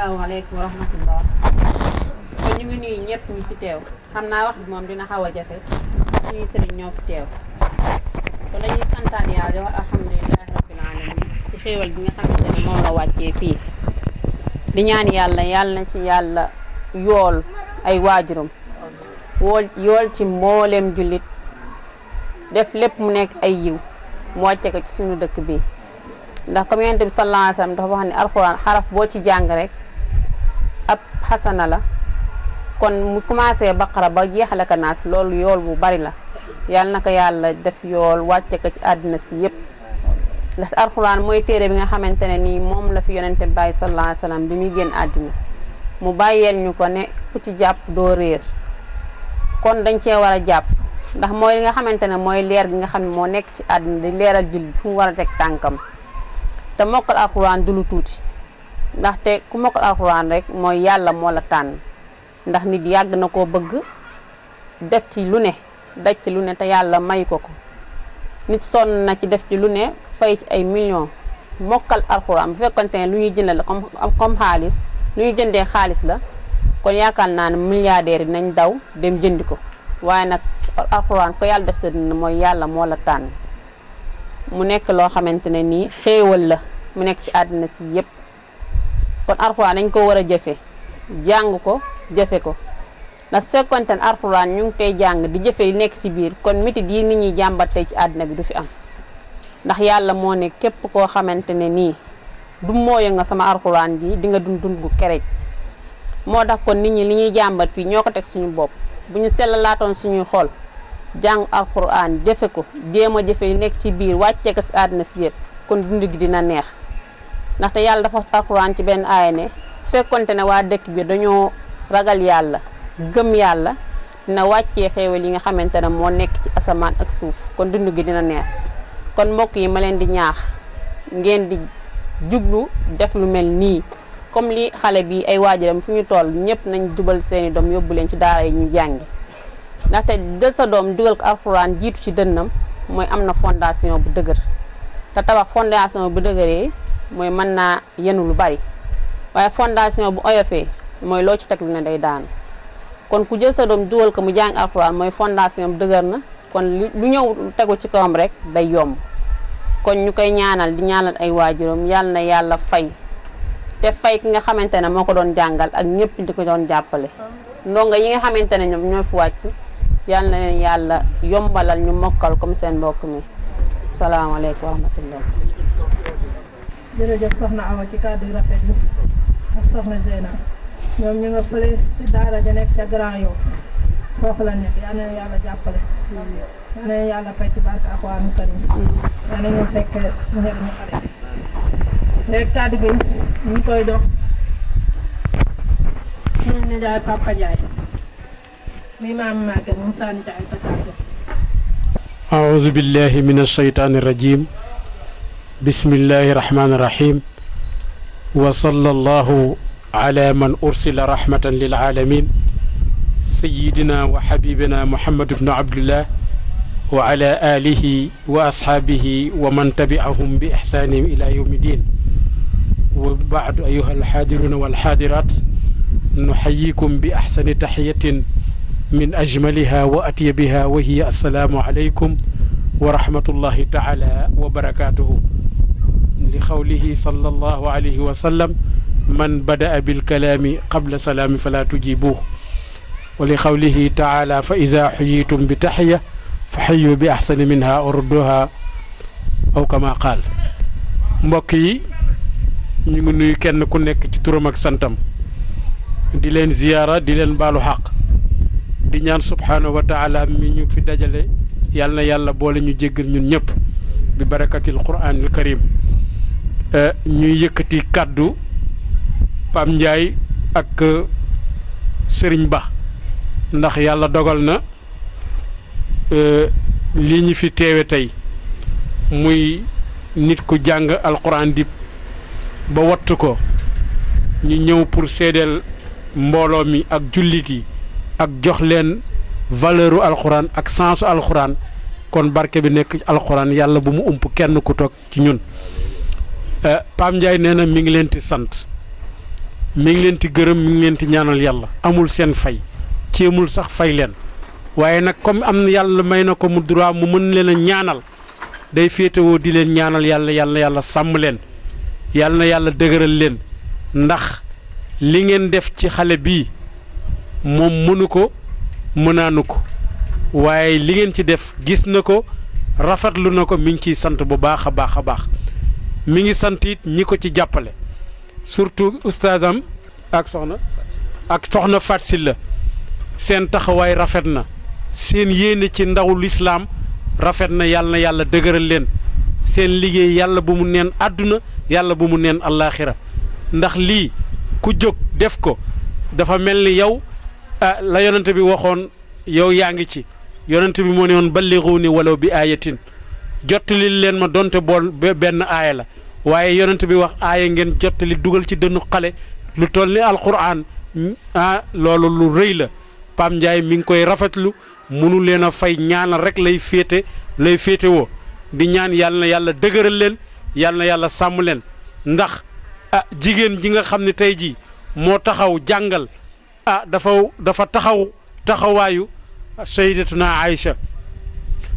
asalaamaaleykum wa rahmatullah kon ñu ngi nuyu ñëpp ñi fi teew xam naa wax bi moom dina xaw a jafe suñu sëriñ ñoo fi teew kon dañuy santaan yàlla wax alhamdulilah rabbil ci xéewal bi nga xamante moom la wàccee fii di ñaan yàlla yàlla na ci yàlla yool ay waajuram wool yool ci mbooleem jullit def lépp mu nekk ay yiw mu wàcce ko ci suñu dëkk bi ndax comme yonent bi sallallahu alayhi wa sallam ne alxuraan xaraf boo ci jàng rek xasana la kon mu commencé baqara ba jeexale ko naas loolu yool bu bari la yàlla na ko yàlla def yool wàcce ko ci àddina si yëpp ndax alxuraan mooy téere bi nga xamante ne nii moom la fi yonente bi bàyyi sallallahu alayhi wasallam bi muy génn àddina mu bàyyeel ñu ko ne ku ci jàpp doo réer kon dañ cee war a jàpp ndax mooy li nga xamante ne mooy leer gi nga xam ne moo nekk ci àddina di leeral jul bi fu mu war a teg tànkam te mokkal alxuraan du lu tuuti ndaxte ku mokkal alxuraan rek mooy yàlla moo la tànn ndax nit yàgg na koo bëgg def ci lu ne daj ci lu ne te yàlla may ko ko nit sonn na ci def ci lu ne fay ci ay millions mokkal alxuraan bu fekkonte ne lu ñuy jënd la comme xaalis lu ñuy jëndee xaalis la kon yaakaar naa ne milliardaires yi nañ daw dem jëndi ko waaye nag alxuraan ko yàlla def sa dund mooy yàlla moo la tànn mu nekk loo xamante ne nii xéewal la mu nekk ci àddina si yépp kon alxuraan dañ ko wara jëfé jang ko jëfé ko na su fekkonte ñu ngi tay jang di jëfé yi nekk ci biir kon miti di nit ñi jàmbat tey ci àddina bi du fi am ndax yalla mo ne képp ko xamante ni du nga sama arfuran ji di nga dund dund gu kerej mo tax kon nit ñi li ñi jambat fi ñoko tek suñu bop bu ñu sellalaatoon suñuy xool jàng alxuraan jëfe ko jéem jefe jëfe ci bir wacce ko adna kon dundu gi dina neex ndaxte yàlla dafa alquran ci benn aaya ne su fekkonte ne waa dëkk bi dañoo ragal yàlla gëm yàlla dina wàccee xéewal yi nga xamante ne moo nekk ci asamaan ak suuf kon dund gi dina neex kon mbokk yi ma leen di ñaax ngeen di jublu def lu mel nii comme li xale bi ay waajuram fu ñu toll ñëpp nañ jubal seeni doom yóbbu leen ci daara yi ñu jàngi ndaxte jël sa doom dugal ko alxuraan jiitu ci dënnam mooy am na fondation bu dëgër te tabax fondation bu dëgëree mooy mën naa yenu lu bari waaye fondation bu oyofee mooy loo ci teg lu ne day daanu kon ku jël sa doom duwal ko mu jàng alxuraan mooy fondation bu dëgër na kon lu ñëw tegu ci kawam rek day yomb kon ñu koy ñaanal di ñaanal ay waajuram yàlla na yàlla fay te fay ki nga xamante ne moo ko doon jàngal ak ñëpp di ko doon jàppale ndongo yi nga xamante ne ñoom ñoo fu wàcc yàlla na yàlla yombalal ñu mokkal comme seen mbokk mi salaamaaleykum wa rahmatullah jërëjëf soxna Awa ci kàddu yu rafet bi ak soxna Zeyna ñoom ñu nga fële ci daara ja nekk ca Grand Yoff foofu la nekk yal na yàlla jàppale yal na ñu fekk njëriñu xale bi ñu koy dox suñu nijaay Papa Ndiaye mi maam Maguette Moussa Ndiaye Tatato aouzu billahi min ashaytaani rajim بسم الله الرحمن الرحيم وصلى الله على من أرسل رحمة للعالمين سيدنا وحبيبنا محمد بن عبد الله وعلى آله وأصحابه ومن تبعهم بإحسان إلى يوم الدين وبعد أيها الحاضرون والحاضرات نحييكم بأحسن تحية من أجملها وأطيبها وهي السلام عليكم ورحمة الله تعالى وبركاته لقوله صلى الله عليه وسلم من بدأ بالكلام قبل سلام فلا تجيبوه ولقوله تعالى فإذا حييتم بتحية فحيوا بأحسن منها أردها أو كما قال مبكي نيغنوي كين كو نيك سي تورمك سانتام دي لين زياره دي لين بالو حق دي نيان سبحانه وتعالى مي نيو في داجالي يالنا يالا بولي نيو جيغل نيون نيب ببركه القران الكريم Euh, ñuy yëkkati kàddu Pam Ndiaye ak euh, Sëriñ Ba ndax yàlla dogal na euh, lii ñu fi teewe tey muy nit ku jàng alxuraan di ba wattu ko ñu ñëw pour seedeel mbooloo mi ak jullit yi ak jox leen valeur alxuraan ak sensu alxuraan kon barke bi nekk alxuraan yàlla bu mu ump kenn ku toog ci ñun Eh, Pam Ndiaye nee na mi ngi leen di sant mi ngi leen di gërëm mi ngi leen di ñaanal yàlla amul seen fay ceemul sax fay leen waaye nag comme am yàlla may na ko mu droit mu mën leen a ñaanal day féetewoo di leen ñaanal yàlla yàlla yàlla sàmm leen yàlla na yàlla dëgëral leen ndax li ngeen def ci xale bii moom mënu ko mënaanu ko waaye li ngeen ci def gis na ko rafetlu na ko mi ngi ciy sant bu baax a baax a baax. mi ngi sant it ñi ko ci jàppale surtout oustazam ak soxna ak soxna Fatou Sylla seen taxawaay rafet na seen yéene ci ndawu lislaam rafet na yàlla na yàlla dëgëral leen seen liggéey yàlla bu mu neen àdduna yàlla bu mu neen allaaxira ndax lii ku jóg def ko dafa mel ni yow ah, la yonent bi waxoon yow yaa ngi ci yonent bi moo ne woon balligu ni walaw bi ayatin jottali leen ma donte bool benn aaya la waaye yonent bi wax aaya ngeen jottali dugal ci dënnu xale lu toll ni alquran ah loolu lu rëy la Pam Ndiaye mi ngi koy rafetlu munu leen a fay ñaanal rek lay féete lay féete woo di ñaan yàlla na yàlla dëgëral leen yàlla na yàlla sàmm leen ndax ah jigéen ji nga xam ne tey jii moo taxaw jàngal ah dafa dafa taxaw taxawaayu sayyidatuna Aïcha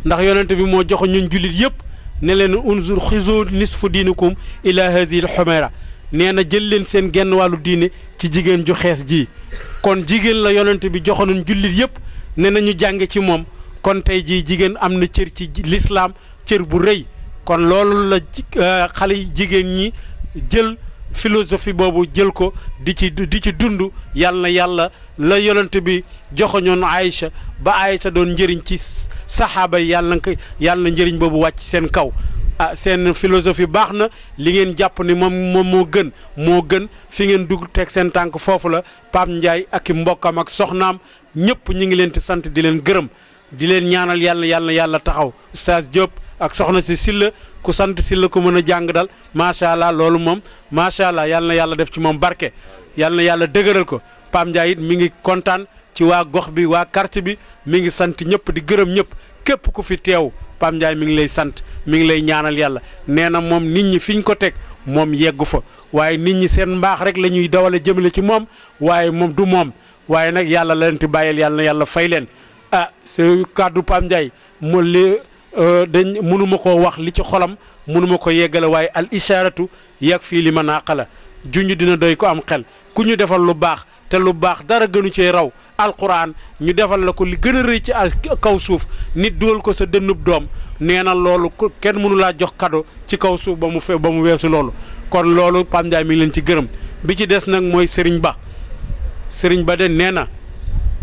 ndax yonent bi moo jox ñun jullit yëpp ne leen unzur xizu nisfu diinikum ila hasil xomera nee na jël leen seen genn wàllu diine ci jigéen ju xees ji kon jigéen la yonent bi joxoon jullit yëpp ne nañu jànge ci moom kon tey jii jigéen am na cër ci lislaam cër bu rëy kon loolu la euh, xale jigéen ñi jël philosophie boobu jël ko di ci di ci dund yàlla yàlla la yonent bi joxoñoon Aïcha ba Aïcha doon njëriñ ci saxaaba yi yàlla na ko yàlla na njëriñ wàcc seen kaw a ah, seen philosophie baax na li ngeen jàpp ni moom moom moo gën moo gën fi ngeen dugg teg seen tànk foofu la Pape Ndiaye ak i mbokkam ak soxnaam ñëpp ñu ngi leen di sant di leen gërëm di leen ñaanal yàlla yàlla yàlla taxaw Oustaz Diop ak soxna si Silla ku sant Silla ku mën a jàng dal macha allah loolu moom macha allah yàlla yàlla def ci moom barke yàlla na yàlla ko Pape Ndiaye it mi ngi kontaan. ci waa gox bi waa quartier bi mi ngi sant ñëpp di gërëm ñëpp képp ku fi teew Pape Ndiaye mi ngi lay sant mi ngi lay ñaanal yàlla nee na moom nit ñi fi ñu ko teg moom yeggu fa waaye nit ñi seen mbaax rek la ñuy dawale jëmle ci moom waaye moom du moom waaye nag yàlla la leen ti bàyyil yàlla yàlla fay leen ah su kàddu Pape Ndiaye mo li euh, dañ mënuma koo wax li ci xolam mënuma ko yeggale waaye al isharatu yàgg fii li ma naaqa la junj dina doy ko am xel ku ñu defal lu baax te lu baax dara gënu cee raw alquran ñu defal la ko li gëna a ci kaw suuf nit dugal ko sa deñub doom neena loolu kenn mënu la jox kado ci kaw suuf ba mu fe ba mu wessu loolu kon loolu Pam mi ngi leen ci gëreem bi ci dess nak moy Serigne Ba Serigne Ba de nena,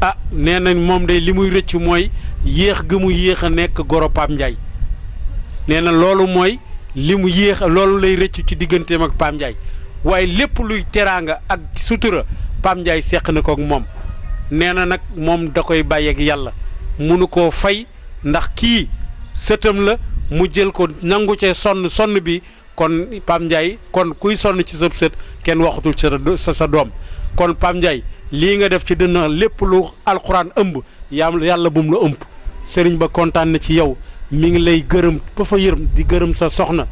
ah nee mom day limuy reccu moy yeex gi mu yéex nek goro Pam Ndiaye nee loolu moy limu yeex loolu lay reccu ci digganteem ak Pam Ndiaye luy teranga ak sutura Pam Ndiaye sekk na ko ak mom nee na nag moom da koy bàyyeeg yàlla mu munu koo fay ndax kii sëtam la mu jël ko nangu cee sonn sonn bi kon Pam Ndiaye kon kuy sonn ci sa sët kenn waxatul sa sa doom kon Pam Ndiaye lii nga def ci dënn lépp lu alxuraan ëmb yàlla yàlla bum la ëmb sëriñ ba kontaan na ci yow mu ngi lay gërëm ba fa yërëm di gërëm sa soxna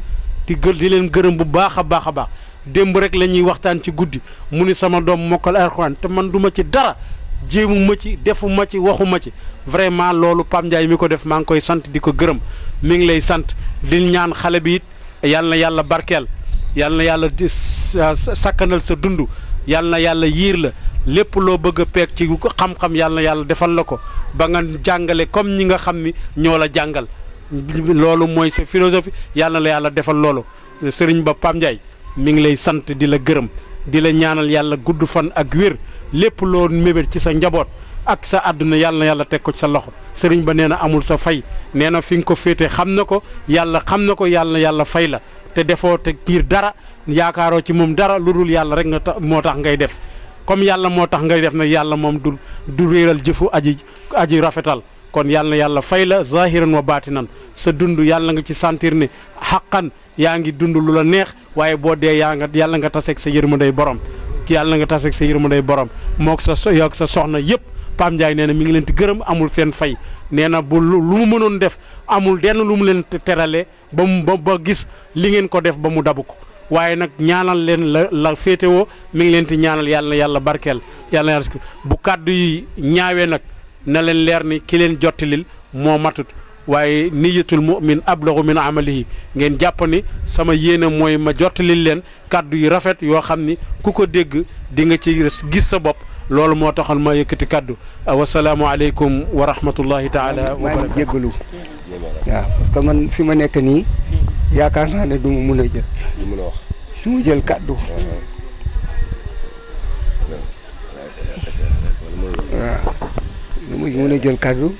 di gë di leen gërëm bu baax a baax a baax démb rek la ñuy waxtaan ci guddi mu ni sama doom mokkal alxuraan te man duma ci dara jéemu ma ci defu ma ci waxu ma ci vraiment loolu Pape Ndiaye mi ko def maa ngi koy sant di ko gërëm mi ngi lay sant di ñaan xale bi it yàlla na yàlla barkeel yàlla na yàlla di sakkanal sa dund yàlla na yàlla yiir la lépp loo bëgg a peeg ci xam-xam yàlla na yàlla defal la ko ba nga jàngale comme ñi nga xam ni ñoo la jàngal loolu mooy sa philosophie yàlla na la yàlla defal loolu sëriñ ba Pape Ndiaye mi ngi lay sant di la gërëm di la ñaanal yàlla gudd fan ak wér lépp loo mébét ci sa njaboot ak sa àdduna yàlla yàlla teg ko ci sa loxo sëriñ ba nee na amul sa fay nee na fi nga ko féete xam na ko yàlla xam na ko yàlla yàlla fay la te defoo te kiir dara yaakaaroo ci moom dara lu dul yàlla rek nga tax moo tax ngay def comme yàlla moo tax ngay def nag yàlla moom du du réeral jëfu aji aji rafetal kon yàlla yàlla fay la zahiran wa baatinan sa dund yàlla nga ci sentir ne xaqan yaa ngi dund lu la neex waaye boo dee yaa nga yàlla nga taseeg sa yërmanday borom yàlla nga taseeg sa yërmanday borom moog sa yoog sa soxna yëpp Pam Ndiaye nee na mi ngi leen di gërëm amul seen fay nee na bu lu mu mënoon def amul denn lu mu leen terale ba mu ba gis li ngeen ko def ba mu dabu ko waaye nag ñaanal leen la la féetewoo mu ngi leen di ñaanal yàlla yàlla barkeel yàlla bu kàddu yi ñaawee nag. na leen leer ni ki leen jottilil moo matut waaye niyatul mumin ablagu min amalihi ngeen jàpp ni sama yéene mooy ma jottalil leen kàddu yu rafet yoo xam ni ku ko dégg di nga ci gis sa bopp loolu moo taxal ma yëkkati kàddu wasalaamu aleykum wa rahmatullahi taala parce que man fi ma nekk nii yaakaar naa ne du ma mun a jël du ma jël kàddu ah, ah. mu mën a jël kàddu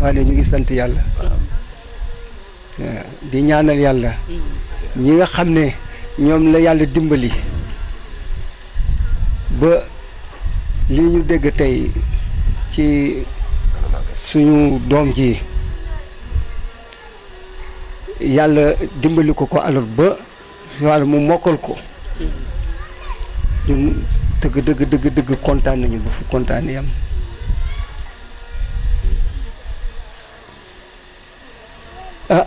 waaye ñu ngi sant yàlla di ñaanal yàlla ñi nga xam ne ñoom la yàlla dimbali ba li ñu dégg tey ci suñu doom ji yàlla dimbali ko ko alors ba wàlla mu mokkal ko ñun dëgg dëgg dëgg dëgg kontaan nañu ba fu kontaan ah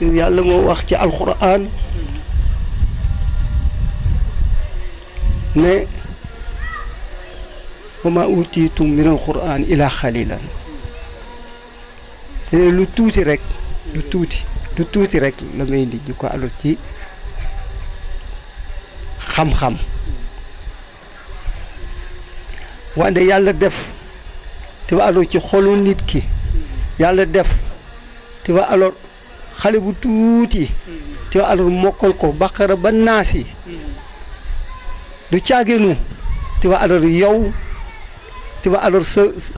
yàlla moo wax ci alquran ne wa ma utiitum min alquran ila xalilan te lu tuuti rekk lu tuuti lu tuuti rek la may nit ñi ko alut ci xam-xam wante yàlla def te ba alors ci xolu nit ki yàlla def te ba alors xale bu tuuti mm-hmm. te alors mokkal ko baqara ba naasi mm-hmm. du caaginu te wa alors yow te wa